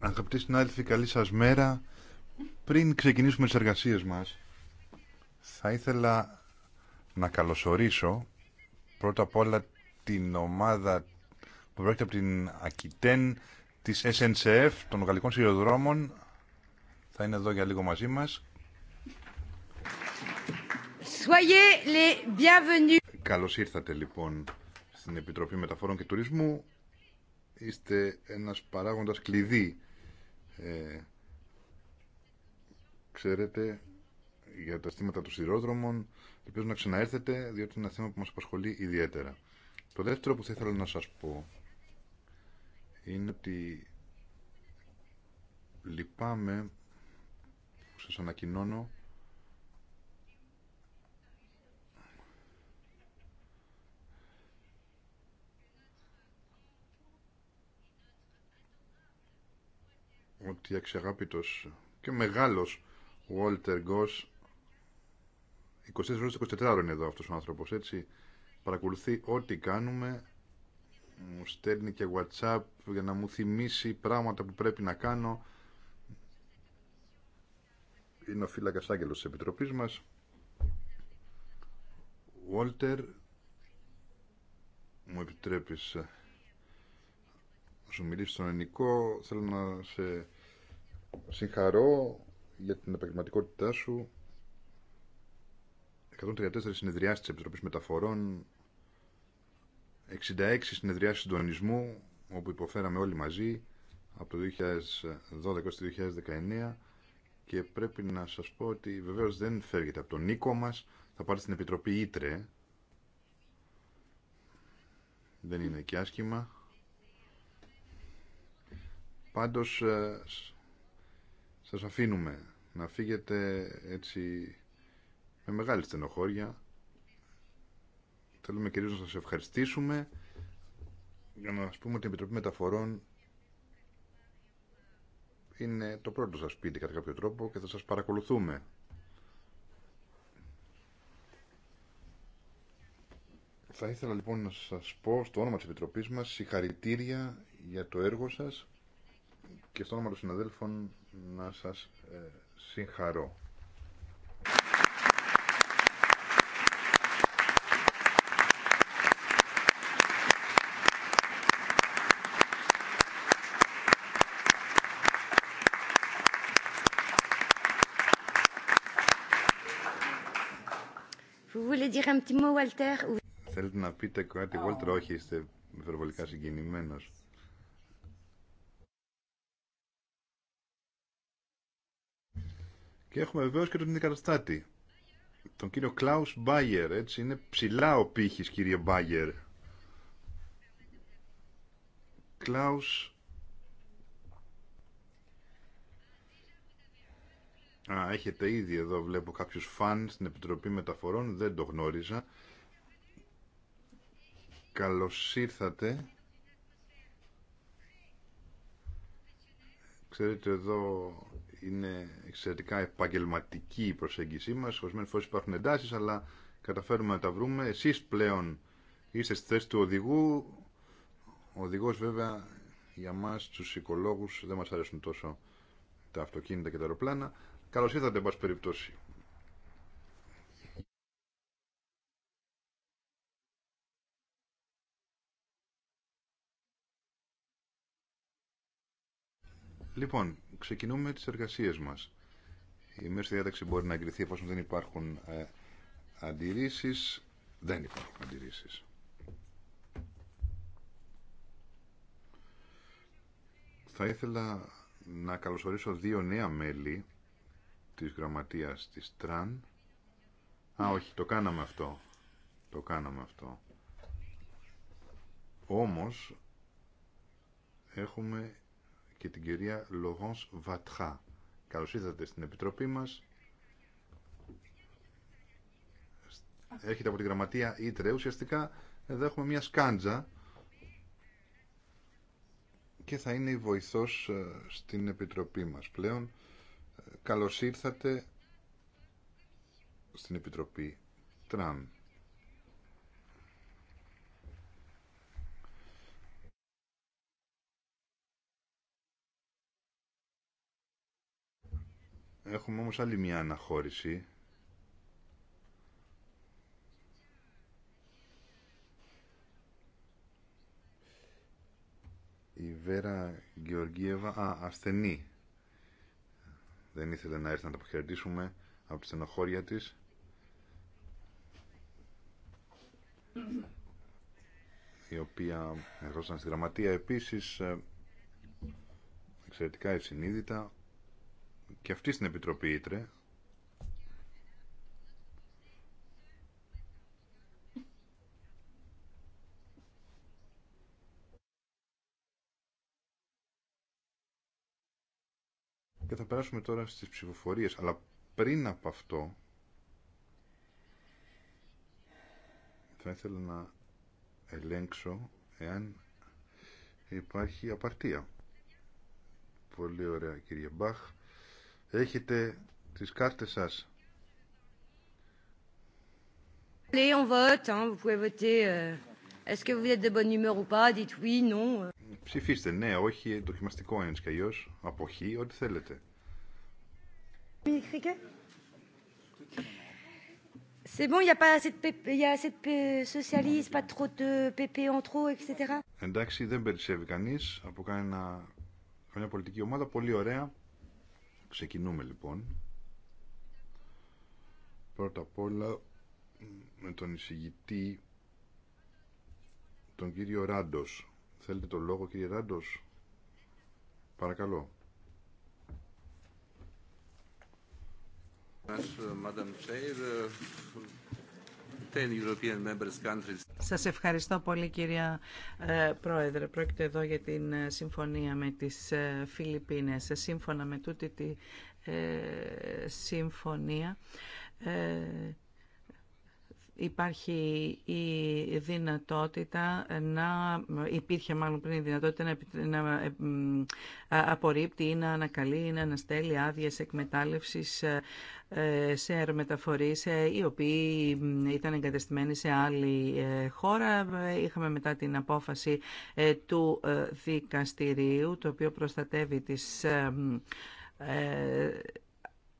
Αγαπητοί συνάδελφοι, καλή σας μέρα. Πριν ξεκινήσουμε τις εργασίες μας, θα ήθελα να καλωσορίσω πρώτα απ' όλα την ομάδα που πρόκειται από την Ακιτέν της SNCF, των Γαλλικών Σιδηροδρόμων. Θα είναι εδώ για λίγο μαζί μας. Καλώ ήρθατε λοιπόν στην Επιτροπή Μεταφορών και Τουρισμού είστε ένας παράγοντας κλειδί. Ε, ξέρετε, για τα αισθήματα των σειρόδρομων, ελπίζω να ξαναέρθετε, διότι είναι ένα θέμα που μας απασχολεί ιδιαίτερα. Το δεύτερο που θα ήθελα να σας πω είναι ότι λυπάμαι που σας ανακοινώνω ότι αξιαγάπητος και μεγάλος Walter Goss 24 ώρες 24 είναι εδώ αυτός ο άνθρωπος έτσι παρακολουθεί ό,τι κάνουμε μου στέλνει και whatsapp για να μου θυμίσει πράγματα που πρέπει να κάνω είναι ο φύλακας άγγελος της Επιτροπής μας Walter μου επιτρέπεις ε, σου μιλήσει στον ελληνικό. Θέλω να σε συγχαρώ για την επαγγελματικότητά σου. 134 συνεδριάσει τη επιτροπή Μεταφορών, 66 συνεδριάσεις συντονισμού, όπου υποφέραμε όλοι μαζί, από το 2012 στο 2019 και πρέπει να σας πω ότι βεβαίως δεν φεύγετε από τον Νίκο μας, θα πάρει στην Επιτροπή Ήτρε. Δεν είναι και άσχημα. Πάντως ε, σας αφήνουμε να φύγετε έτσι με μεγάλη στενοχώρια. Θέλουμε κυρίως να σας ευχαριστήσουμε για να σας πούμε ότι η Επιτροπή Μεταφορών είναι το πρώτο σας σπίτι κατά κάποιο τρόπο και θα σας παρακολουθούμε. Θα ήθελα λοιπόν να σας πω στο όνομα της Επιτροπής μας συγχαρητήρια για το έργο σας και στο όνομα των συναδέλφων να σας ε, συγχαρώ. Θέλετε να πείτε κάτι, Βόλτερ, oh. όχι, είστε υπερβολικά συγκινημένος. Και έχουμε βεβαίω και τον αντικαταστάτη, τον κύριο Κλάου Μπάγερ. Έτσι είναι ψηλά ο πύχη, κύριε Μπάγερ. Κλάου. Α, έχετε ήδη εδώ βλέπω κάποιους φαν στην Επιτροπή Μεταφορών, δεν το γνώριζα. Καλώς ήρθατε. Ξέρετε εδώ είναι εξαιρετικά επαγγελματική η προσέγγιση μας. Ορισμένες φορές υπάρχουν εντάσεις, αλλά καταφέρουμε να τα βρούμε. Εσείς πλέον είστε στη θέση του οδηγού. Ο οδηγός βέβαια για μας τους οικολόγους δεν μας αρέσουν τόσο τα αυτοκίνητα και τα αεροπλάνα. Καλώς ήρθατε, εν πάση περιπτώσει. Λοιπόν, ξεκινούμε τις εργασίες μας. Η μέση διάταξη μπορεί να εγκριθεί εφόσον δεν υπάρχουν ε, αντιρρήσεις. Δεν υπάρχουν αντιρρήσεις. Θα ήθελα να καλωσορίσω δύο νέα μέλη της γραμματείας της ΤΡΑΝ. Α, όχι, το κάναμε αυτό. Το κάναμε αυτό. Όμως, έχουμε και την κυρία Λογόνς Βατχά. Καλώς ήρθατε στην Επιτροπή μας. Έρχεται από τη γραμματεία Ήτρε. Ουσιαστικά εδώ έχουμε μια σκάντζα και θα είναι η βοηθός ε, στην Επιτροπή μας πλέον. Ε, καλώς ήρθατε στην Επιτροπή Τραμ. Έχουμε όμως άλλη μια αναχώρηση. Η Βέρα Γεωργίευα, α, ασθενή. Δεν ήθελε να έρθει να τα αποχαιρετήσουμε από τη στενοχώρια της. η οποία ερχόταν στη γραμματεία επίσης ε, εξαιρετικά ευσυνείδητα και αυτή στην Επιτροπή Ήτρε και θα περάσουμε τώρα στις ψηφοφορίες αλλά πριν από αυτό θα ήθελα να ελέγξω εάν υπάρχει απαρτία πολύ ωραία κύριε Μπαχ Έχετε τις κάρτες σας. Allez, Ψηφίστε ναι, όχι, δοκιμαστικό είναι και αλλιώς, αποχή, ό,τι θέλετε. C'est bon, il n'y a pas de, pas trop de en trop, Εντάξει, δεν περισσεύει κανείς από κανένα, πολιτική ομάδα. Πολύ ωραία. Ξεκινούμε λοιπόν. Πρώτα απ' όλα με τον εισηγητή, τον κύριο Ράντος. Θέλετε το λόγο κύριε Ράντος. Παρακαλώ. Chair, σας ευχαριστώ πολύ κυρία ε, Πρόεδρε. Πρόκειται εδώ για την ε, συμφωνία με τις ε, Φιλιππίνες. Σύμφωνα με τούτη τη συμφωνία υπάρχει η δυνατότητα να υπήρχε μάλλον πριν η δυνατότητα να, ε, απορρίπτει ή να ανακαλεί ή να αναστέλει άδειε εκμετάλλευση ε, σε αερομεταφορείς ε, οι οποίοι ήταν εγκατεστημένοι σε άλλη χώρα. Είχαμε μετά την απόφαση του δικαστηρίου το οποίο προστατεύει τις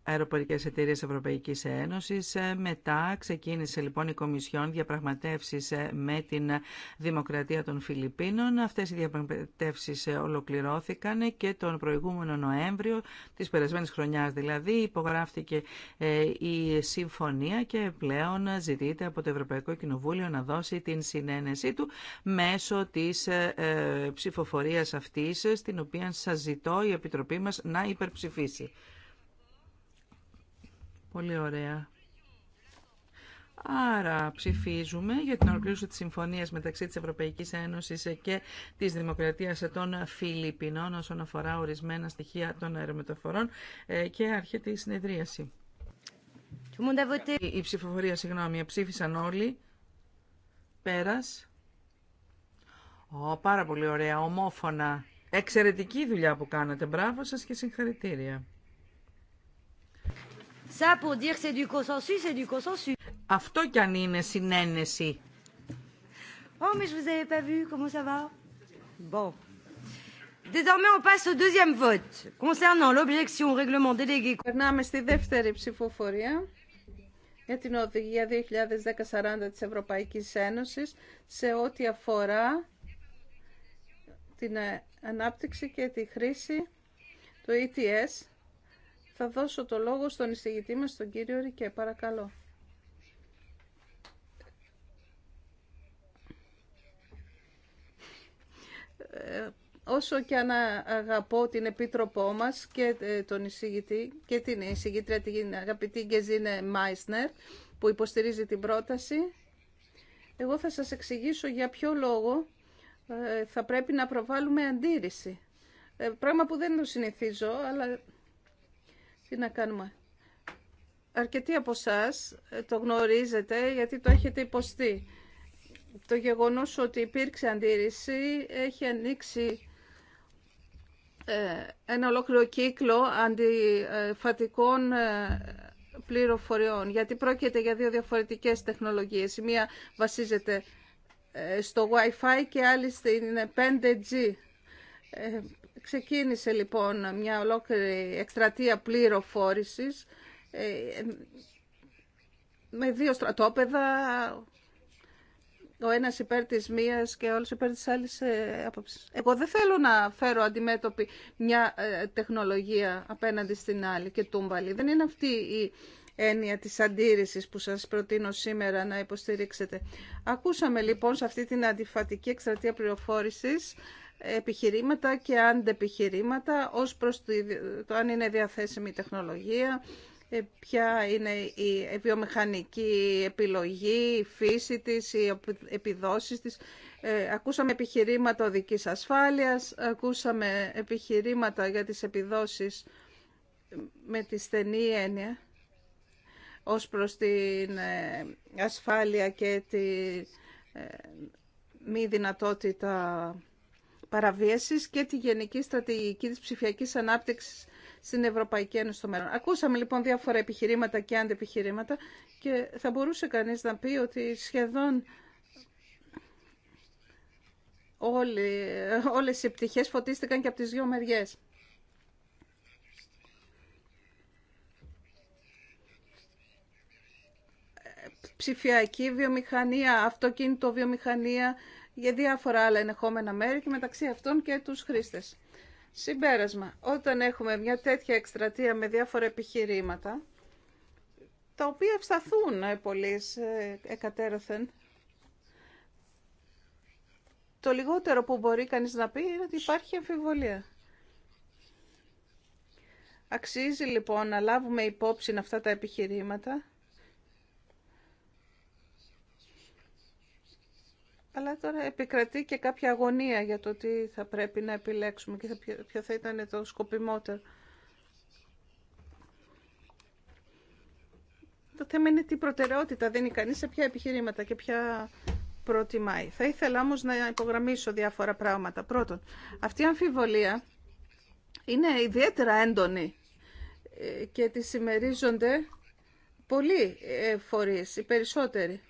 αεροπορικές εταιρείες Ευρωπαϊκής Ένωσης. Ε, μετά ξεκίνησε λοιπόν η Κομισιόν διαπραγματεύσει ε, με την Δημοκρατία των Φιλιππίνων. Αυτές οι διαπραγματεύσεις ε, ολοκληρώθηκαν και τον προηγούμενο Νοέμβριο της περασμένης χρονιάς δηλαδή υπογράφτηκε η συμφωνία και πλέον ζητείται από το Ευρωπαϊκό Κοινοβούλιο να δώσει την συνένεσή του μέσω της ψηφοφορία αυτής στην οποία σα ζητώ η Επιτροπή μα να υπερψηφίσει. Πολύ ωραία. Άρα ψηφίζουμε για την ολοκλήρωση της συμφωνίας μεταξύ της Ευρωπαϊκής Ένωσης και της Δημοκρατίας των Φιλιππινών όσον αφορά ορισμένα στοιχεία των αερομεταφορών ε, και αρχή η συνεδρίαση. Η ψηφοφορία, συγγνώμη, ψήφισαν όλοι. Πέρας. Ω, πάρα πολύ ωραία, ομόφωνα. Εξαιρετική δουλειά που κάνατε. Μπράβο σας και συγχαρητήρια. Ça pour dire c'est du consensus, c'est du consensus. Αυτό κι αν είναι συνένεση. Oh, mais je vous avais pas vu. Comment ça va? Bon. Désormais, on passe au deuxième vote concernant l'objection au règlement délégué. Περνάμε στη δεύτερη ψηφοφορία για την οδηγία 2010-40 της Ευρωπαϊκής Ένωσης σε ό,τι αφορά την ανάπτυξη και τη χρήση του ETS θα δώσω το λόγο στον εισηγητή μας, τον κύριο Ρικέ. Παρακαλώ. Ε, όσο και αν αγαπώ την Επίτροπό μας και ε, τον εισηγητή και την εισηγήτρια την αγαπητή Γκεζίνε Μάισνερ που υποστηρίζει την πρόταση, εγώ θα σας εξηγήσω για ποιο λόγο ε, θα πρέπει να προβάλλουμε αντίρρηση. Πράγμα που δεν το συνηθίζω, αλλά τι να κάνουμε. Αρκετοί από εσά ε, το γνωρίζετε γιατί το έχετε υποστεί. Το γεγονός ότι υπήρξε αντίρρηση έχει ανοίξει ε, ένα ολόκληρο κύκλο αντιφατικών ε, πληροφοριών, γιατί πρόκειται για δύο διαφορετικές τεχνολογίες. Η μία βασίζεται στο Wi-Fi και άλλη στην 5G. Ε, ξεκίνησε λοιπόν μια ολόκληρη εκστρατεία πληροφόρησης ε, με δύο στρατόπεδα, ο ένας υπέρ της μίας και ο άλλος υπέρ της άλλης ε, Εγώ δεν θέλω να φέρω αντιμέτωπη μια τεχνολογία απέναντι στην άλλη και τούμπαλη. Δεν είναι αυτή η έννοια της αντίρρησης που σας προτείνω σήμερα να υποστηρίξετε. Ακούσαμε λοιπόν σε αυτή την αντιφατική εκστρατεία πληροφόρησης επιχειρήματα και αντεπιχειρήματα ως προς το αν είναι διαθέσιμη η τεχνολογία, ε, ποια είναι η βιομηχανική επιλογή, η φύση της, οι επιδόσεις της. Ε, ακούσαμε επιχειρήματα οδικής ασφάλειας, ακούσαμε επιχειρήματα για τις επιδόσεις με τη στενή έννοια ως προς την ε, ασφάλεια και τη μη δυνατότητα παραβίασης και τη γενική στρατηγική της ψηφιακής ανάπτυξης στην Ευρωπαϊκή Ένωση στο μέλλον. Ακούσαμε λοιπόν διάφορα επιχειρήματα και αντεπιχειρήματα και θα μπορούσε κανείς να πει ότι σχεδόν όλε όλες οι πτυχές φωτίστηκαν και από τις δύο μεριές. Ψηφιακή βιομηχανία, αυτοκίνητο βιομηχανία, για διάφορα άλλα ενεχόμενα μέρη και μεταξύ αυτών και τους χρήστες. Συμπέρασμα, όταν έχουμε μια τέτοια εκστρατεία με διάφορα επιχειρήματα, τα οποία ευσταθούν ε, πολύ ε, εκατέρωθεν, το λιγότερο που μπορεί κανείς να πει είναι ότι υπάρχει αμφιβολία. Αξίζει λοιπόν να λάβουμε υπόψη αυτά τα επιχειρήματα Αλλά τώρα επικρατεί και κάποια αγωνία για το τι θα πρέπει να επιλέξουμε και ποιο θα ήταν το σκοπιμότερο. Το θέμα είναι τι προτεραιότητα δίνει κανείς σε ποια επιχειρήματα και ποια προτιμάει. Θα ήθελα όμως να υπογραμμίσω διάφορα πράγματα. Πρώτον, αυτή η αμφιβολία είναι ιδιαίτερα έντονη ε, και τη συμμερίζονται πολλοί ε, φορείς, οι περισσότεροι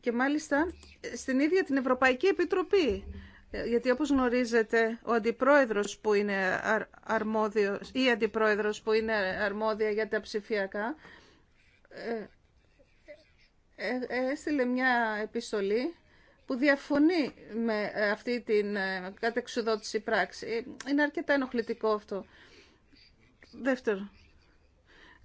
και μάλιστα στην ίδια την Ευρωπαϊκή Επιτροπή. Ε, γιατί όπως γνωρίζετε, ο αντιπρόεδρος που είναι αρμόδιος ή αντιπρόεδρος που είναι αρμόδια για τα ψηφιακά ε, ε, έστειλε μια επιστολή που διαφωνεί με αυτή την κατεξουδότηση πράξη. Είναι αρκετά ενοχλητικό αυτό. Δεύτερο,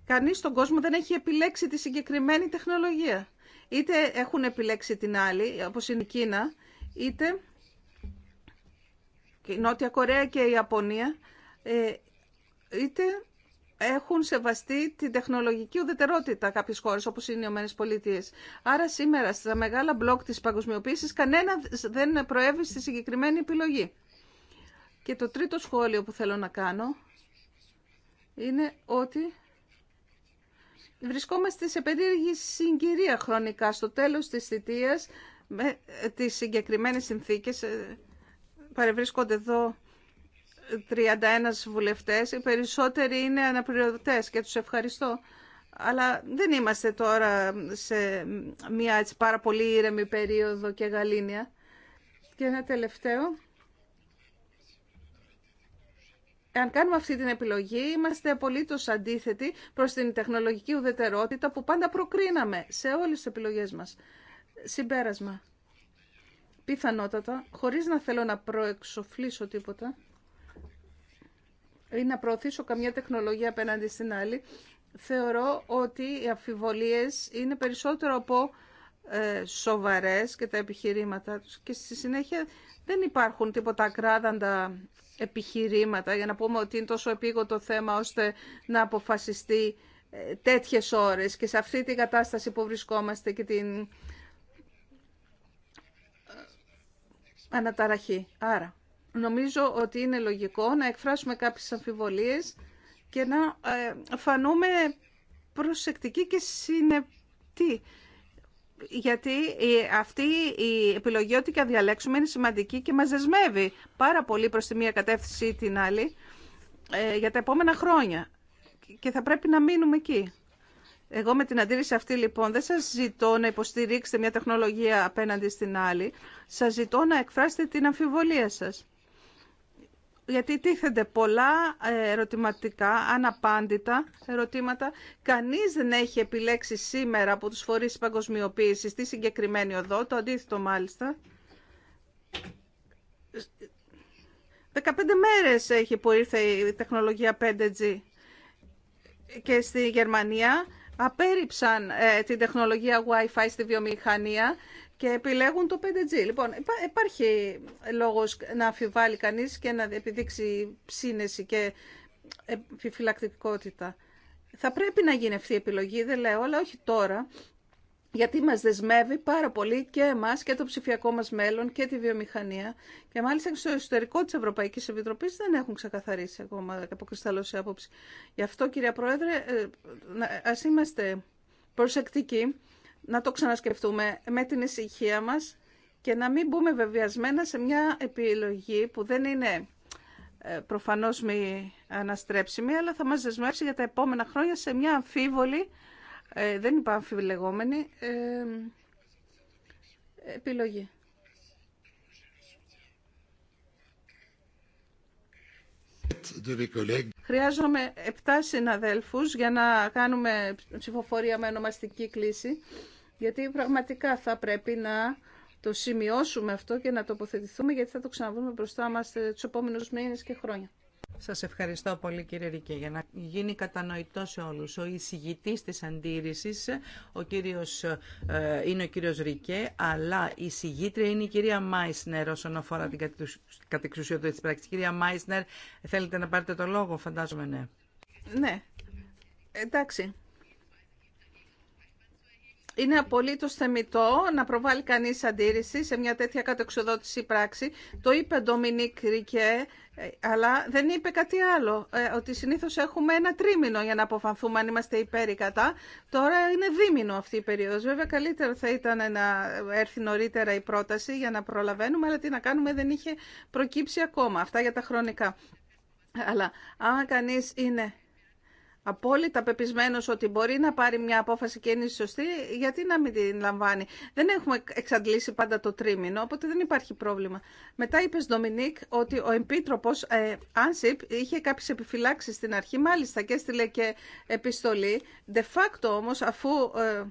κανείς στον κόσμο δεν έχει επιλέξει τη συγκεκριμένη τεχνολογία είτε έχουν επιλέξει την άλλη, όπως είναι η Κίνα, είτε η Νότια Κορέα και η Ιαπωνία, ε, είτε έχουν σεβαστεί την τεχνολογική ουδετερότητα κάποιες χώρες όπως είναι οι Ηνωμένες Πολιτείες. Άρα σήμερα στα μεγάλα μπλοκ της παγκοσμιοποίησης κανένα δεν προέβη στη συγκεκριμένη επιλογή. Και το τρίτο σχόλιο που θέλω να κάνω είναι ότι βρισκόμαστε σε περίεργη συγκυρία χρονικά στο τέλος της θητείας με ε, τις συγκεκριμένες συνθήκες ε, παρευρίσκονται εδώ 31 βουλευτές οι περισσότεροι είναι αναπληρωτές και τους ευχαριστώ αλλά δεν είμαστε τώρα σε μια έτσι πάρα πολύ ήρεμη περίοδο και γαλήνια και ένα τελευταίο αν κάνουμε αυτή την επιλογή, είμαστε απολύτω αντίθετοι προ την τεχνολογική ουδετερότητα που πάντα προκρίναμε σε όλε τι επιλογέ μα. Συμπέρασμα. Πιθανότατα, χωρί να θέλω να προεξοφλήσω τίποτα ή να προωθήσω καμιά τεχνολογία απέναντι στην άλλη, θεωρώ ότι οι αμφιβολίες είναι περισσότερο από ε, σοβαρές και τα επιχειρήματά τους και στη συνέχεια δεν υπάρχουν τίποτα ακράδαντα επιχειρήματα για να πούμε ότι είναι τόσο επίγοντο το θέμα ώστε να αποφασιστεί ε, τέτοιες ώρες και σε αυτή την κατάσταση που βρισκόμαστε και την ε, αναταραχή. Άρα, νομίζω ότι είναι λογικό να εκφράσουμε κάποιες αμφιβολίες και να φανούμε προσεκτικοί και συνεπτοί γιατί αυτή η επιλογή ό,τι και αν διαλέξουμε είναι σημαντική και μας δεσμεύει πάρα πολύ προς τη μία κατεύθυνση ή την άλλη ε, για τα επόμενα χρόνια και θα πρέπει να μείνουμε εκεί. Εγώ με την αντίρρηση αυτή λοιπόν δεν σας ζητώ να υποστηρίξετε μια τεχνολογία απέναντι στην άλλη, σας ζητώ να εκφράσετε την αμφιβολία σας γιατί τίθενται πολλά ε, ερωτηματικά, αναπάντητα ερωτήματα. Κανείς δεν έχει επιλέξει σήμερα από τους φορείς παγκοσμιοποίηση τη συγκεκριμένη οδό, το αντίθετο μάλιστα. 15 μέρες έχει που ήρθε η τεχνολογία 5G και στη Γερμανία απέριψαν ε, την τεχνολογία Wi-Fi στη βιομηχανία και επιλέγουν το 5G. Λοιπόν, υπάρχει λόγος να αφιβάλλει κανείς και να επιδείξει ψήνεση και επιφυλακτικότητα. Θα πρέπει να γίνει αυτή η επιλογή, δεν λέω, αλλά όχι τώρα, γιατί μας δεσμεύει πάρα πολύ και εμάς και το ψηφιακό μας μέλλον και τη βιομηχανία και μάλιστα στο εσωτερικό της Ευρωπαϊκής Επιτροπής δεν έχουν ξεκαθαρίσει ακόμα και αποκρισταλώσει άποψη. Γι' αυτό κυρία Πρόεδρε, ε, ας είμαστε προσεκτικοί να το ξανασκεφτούμε με την ησυχία μας και να μην μπούμε βεβαιασμένα σε μια επιλογή που δεν είναι ε, προφανώς μη αναστρέψιμη, αλλά θα μας δεσμεύσει για τα επόμενα χρόνια σε μια αμφίβολη, ε, δεν είπα αμφιβλεγόμενη, ε, επιλογή. Χρειάζομαι 7 συναδέλφους για να κάνουμε ψηφοφορία με ονομαστική κλίση γιατί πραγματικά θα πρέπει να το σημειώσουμε αυτό και να τοποθετηθούμε γιατί θα το ξαναβούμε μπροστά μας του επόμενου μήνες και χρόνια. Σας ευχαριστώ πολύ κύριε Ρικέ. Για να γίνει κατανοητό σε όλους, ο εισηγητής της αντίρρησης ο κύριος, ε, είναι ο κύριος Ρικέ, αλλά η εισηγήτρια είναι η κυρία Μάισνερ όσον αφορά την κατεξουσιοδότηση της πράξης. Κυρία Μάισνερ, θέλετε να πάρετε το λόγο, φαντάζομαι ναι. Ναι, εντάξει είναι απολύτω θεμητό να προβάλλει κανεί αντίρρηση σε μια τέτοια κατεξοδότηση πράξη. Το είπε Ντομινίκ Ρικέ, ε, αλλά δεν είπε κάτι άλλο. Ε, ότι συνήθω έχουμε ένα τρίμηνο για να αποφανθούμε αν είμαστε υπέρ ή κατά. Τώρα είναι δίμηνο αυτή η περίοδο. Βέβαια, καλύτερο θα ήταν να έρθει νωρίτερα η πρόταση για να προλαβαίνουμε, αλλά τι να κάνουμε δεν είχε προκύψει ακόμα. Αυτά για τα χρονικά. Αλλά αν κανεί είναι απόλυτα πεπισμένος ότι μπορεί να πάρει μια απόφαση και είναι σωστή, γιατί να μην την λαμβάνει. Δεν έχουμε εξαντλήσει πάντα το τρίμηνο, οπότε δεν υπάρχει πρόβλημα. Μετά είπε, Ντομινίκ, ότι ο Επίτροπος Άνσιπ ε, είχε κάποιε επιφυλάξει στην αρχή, μάλιστα και έστειλε και επιστολή. De facto όμως, αφού... Ε,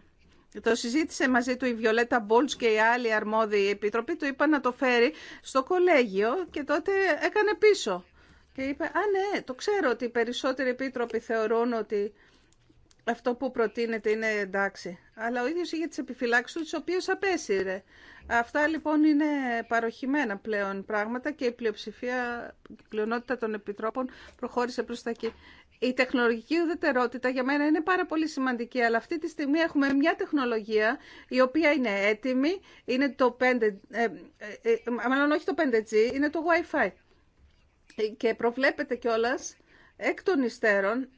το συζήτησε μαζί του η Βιολέτα Μπόλτς και οι άλλοι αρμόδιοι επίτροποι, του είπα να το φέρει στο κολέγιο και τότε έκανε πίσω και είπε, α ναι, το ξέρω ότι οι περισσότεροι επίτροποι θεωρούν ότι αυτό που προτείνεται είναι εντάξει. Αλλά ο ίδιος είχε τις επιφυλάξεις του, τις οποίες απέσυρε. Αυτά λοιπόν είναι παροχημένα πλέον πράγματα και η πλειοψηφία, η πλειονότητα των επιτρόπων προχώρησε προς τα εκεί. Η τεχνολογική ουδετερότητα για μένα είναι πάρα πολύ σημαντική, αλλά αυτή τη στιγμή έχουμε μια τεχνολογία η οποία είναι έτοιμη, είναι το 5G, ε, ε, ε, μάλλον όχι το 5G, είναι το Wi-Fi και προβλέπεται κιόλας εκ των υστέρων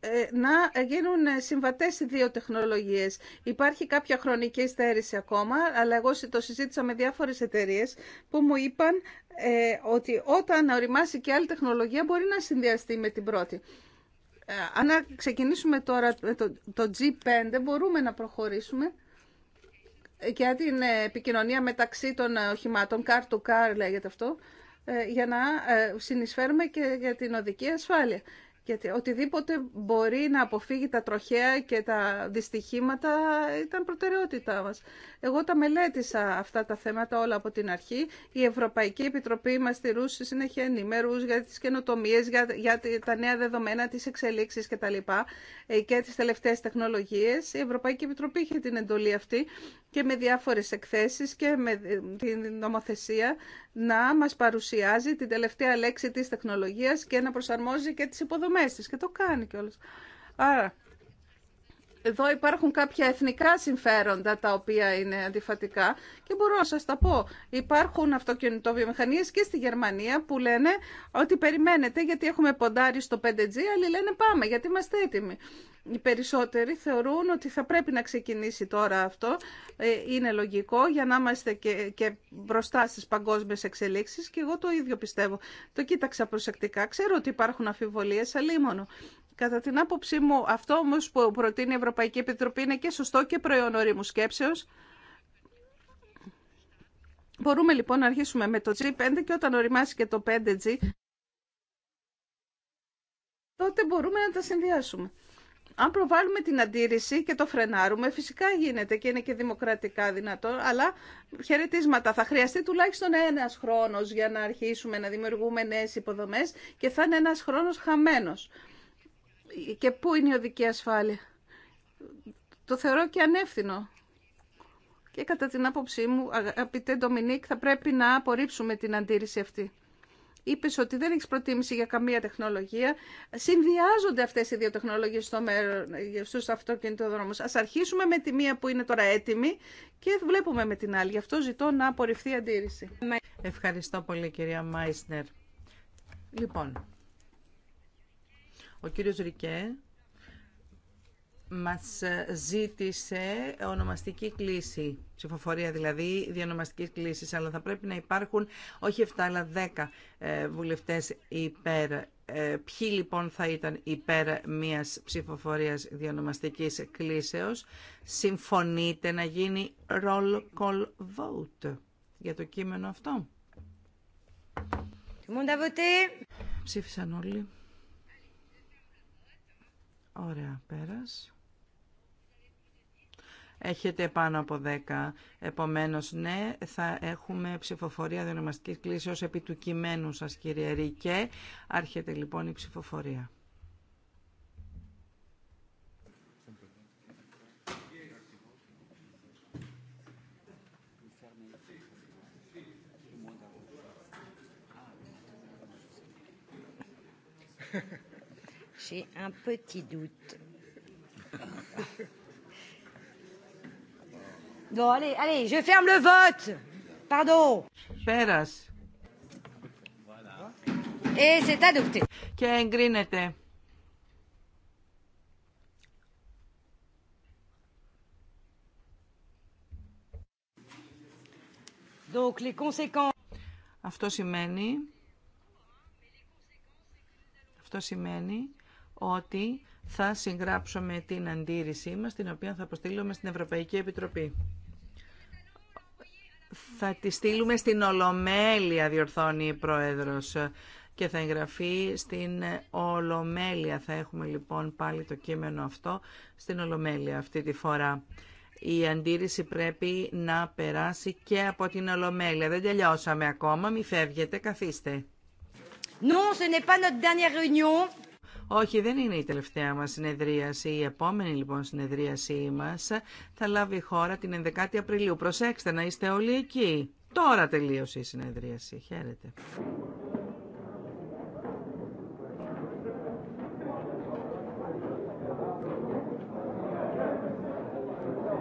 ε, να γίνουν συμβατές οι δύο τεχνολογίες. Υπάρχει κάποια χρονική στέρηση ακόμα, αλλά εγώ το συζήτησα με διάφορες εταιρείες που μου είπαν ε, ότι όταν οριμάσει και άλλη τεχνολογία μπορεί να συνδυαστεί με την πρώτη. Ε, αν ξεκινήσουμε τώρα το G5 μπορούμε να προχωρήσουμε για την ε, επικοινωνία μεταξύ των ε, οχημάτων, car to car λέγεται αυτό, ε, για να συνεισφέρουμε και για την οδική ασφάλεια. Γιατί οτιδήποτε μπορεί να αποφύγει τα τροχαία και τα δυστυχήματα ήταν προτεραιότητά μας. Εγώ τα μελέτησα αυτά τα θέματα όλα από την αρχή. Η Ευρωπαϊκή Επιτροπή μας στηρούσε συνέχεια ενημερούς για τις καινοτομίε, για, τα νέα δεδομένα, τις εξελίξεις κτλ. Και, τα λοιπά, και τις τελευταίες τεχνολογίες. Η Ευρωπαϊκή Επιτροπή είχε την εντολή αυτή και με διάφορες εκθέσεις και με την νομοθεσία να μας παρουσιάζει την τελευταία λέξη της τεχνολογίας και να προσαρμόζει και τις υποδομές της. Και το κάνει κιόλας. Άρα, εδώ υπάρχουν κάποια εθνικά συμφέροντα τα οποία είναι αντιφατικά και μπορώ να σας τα πω. Υπάρχουν αυτοκινητοβιομηχανίες και στη Γερμανία που λένε ότι περιμένετε γιατί έχουμε ποντάρει στο 5G, αλλά λένε πάμε γιατί είμαστε έτοιμοι οι περισσότεροι θεωρούν ότι θα πρέπει να ξεκινήσει τώρα αυτό. Ε, είναι λογικό για να είμαστε και, και μπροστά στις παγκόσμιες εξελίξεις και εγώ το ίδιο πιστεύω. Το κοίταξα προσεκτικά. Ξέρω ότι υπάρχουν αφιβολίες, Ευρωπαϊκή Κατά την άποψή μου, αυτό όμω που προτείνει η Ευρωπαϊκή Επιτροπή είναι και σωστό και προϊόν ορίμου σκέψεως. Μπορούμε λοιπόν να αρχίσουμε με το G5 και όταν οριμάσει και το 5G, τότε μπορούμε να τα συνδυάσουμε. Αν προβάλλουμε την αντίρρηση και το φρενάρουμε, φυσικά γίνεται και είναι και δημοκρατικά δυνατό, αλλά χαιρετίσματα. Θα χρειαστεί τουλάχιστον ένα χρόνο για να αρχίσουμε να δημιουργούμε νέε υποδομέ και θα είναι ένα χρόνο χαμένο. Και πού είναι η οδική ασφάλεια. Το θεωρώ και ανεύθυνο. Και κατά την άποψή μου, αγαπητέ Ντομινίκ, θα πρέπει να απορρίψουμε την αντίρρηση αυτή είπε ότι δεν έχει προτίμηση για καμία τεχνολογία. Συνδυάζονται αυτέ οι δύο τεχνολογίε στο μέλλον στου αυτοκινητοδρόμου. Α αρχίσουμε με τη μία που είναι τώρα έτοιμη και βλέπουμε με την άλλη. Γι' αυτό ζητώ να απορριφθεί αντίρρηση. Ευχαριστώ πολύ, κυρία Μάισνερ. Λοιπόν, ο κύριος Ρικέ μας ε, ζήτησε ονομαστική κλίση, ψηφοφορία δηλαδή διανομαστικής κλίσης, αλλά θα πρέπει να υπάρχουν όχι 7 αλλά 10 ε, βουλευτές υπέρ. Ε, ποιοι λοιπόν θα ήταν υπέρ μιας ψηφοφορίας διανομαστικής κλίσεως. Συμφωνείτε να γίνει roll call vote για το κείμενο αυτό. Ψήφισαν όλοι. Ωραία, πέρας έχετε πάνω από 10. Επομένως, ναι, θα έχουμε ψηφοφορία διονομαστικής ω επί του κειμένου σας, κύριε Ρίκε. Άρχεται λοιπόν η ψηφοφορία. J'ai un petit doute. Bon, allez, allez, je ferme le vote. Pardon. Πέρας. Et c'est adopté. Ken Grinete. Donc, les conséquences... Αυτό σημαίνει αυτό σημαίνει ότι θα συγγράψουμε την αντίρρησή μας, την οποία θα αποστείλουμε στην Ευρωπαϊκή Επιτροπή. Θα τη στείλουμε στην Ολομέλεια, διορθώνει η Πρόεδρος, και θα εγγραφεί στην Ολομέλεια. Θα έχουμε λοιπόν πάλι το κείμενο αυτό στην Ολομέλεια αυτή τη φορά. Η αντίρρηση πρέπει να περάσει και από την Ολομέλεια. Δεν τελειώσαμε ακόμα, μη φεύγετε, καθίστε. Non, ce n'est pas notre όχι, δεν είναι η τελευταία μας συνεδρίαση. Η επόμενη λοιπόν συνεδρίασή μας θα λάβει η χώρα την 11η Απριλίου. Προσέξτε να είστε όλοι εκεί. Τώρα τελείωσε η συνεδρίαση. Χαίρετε.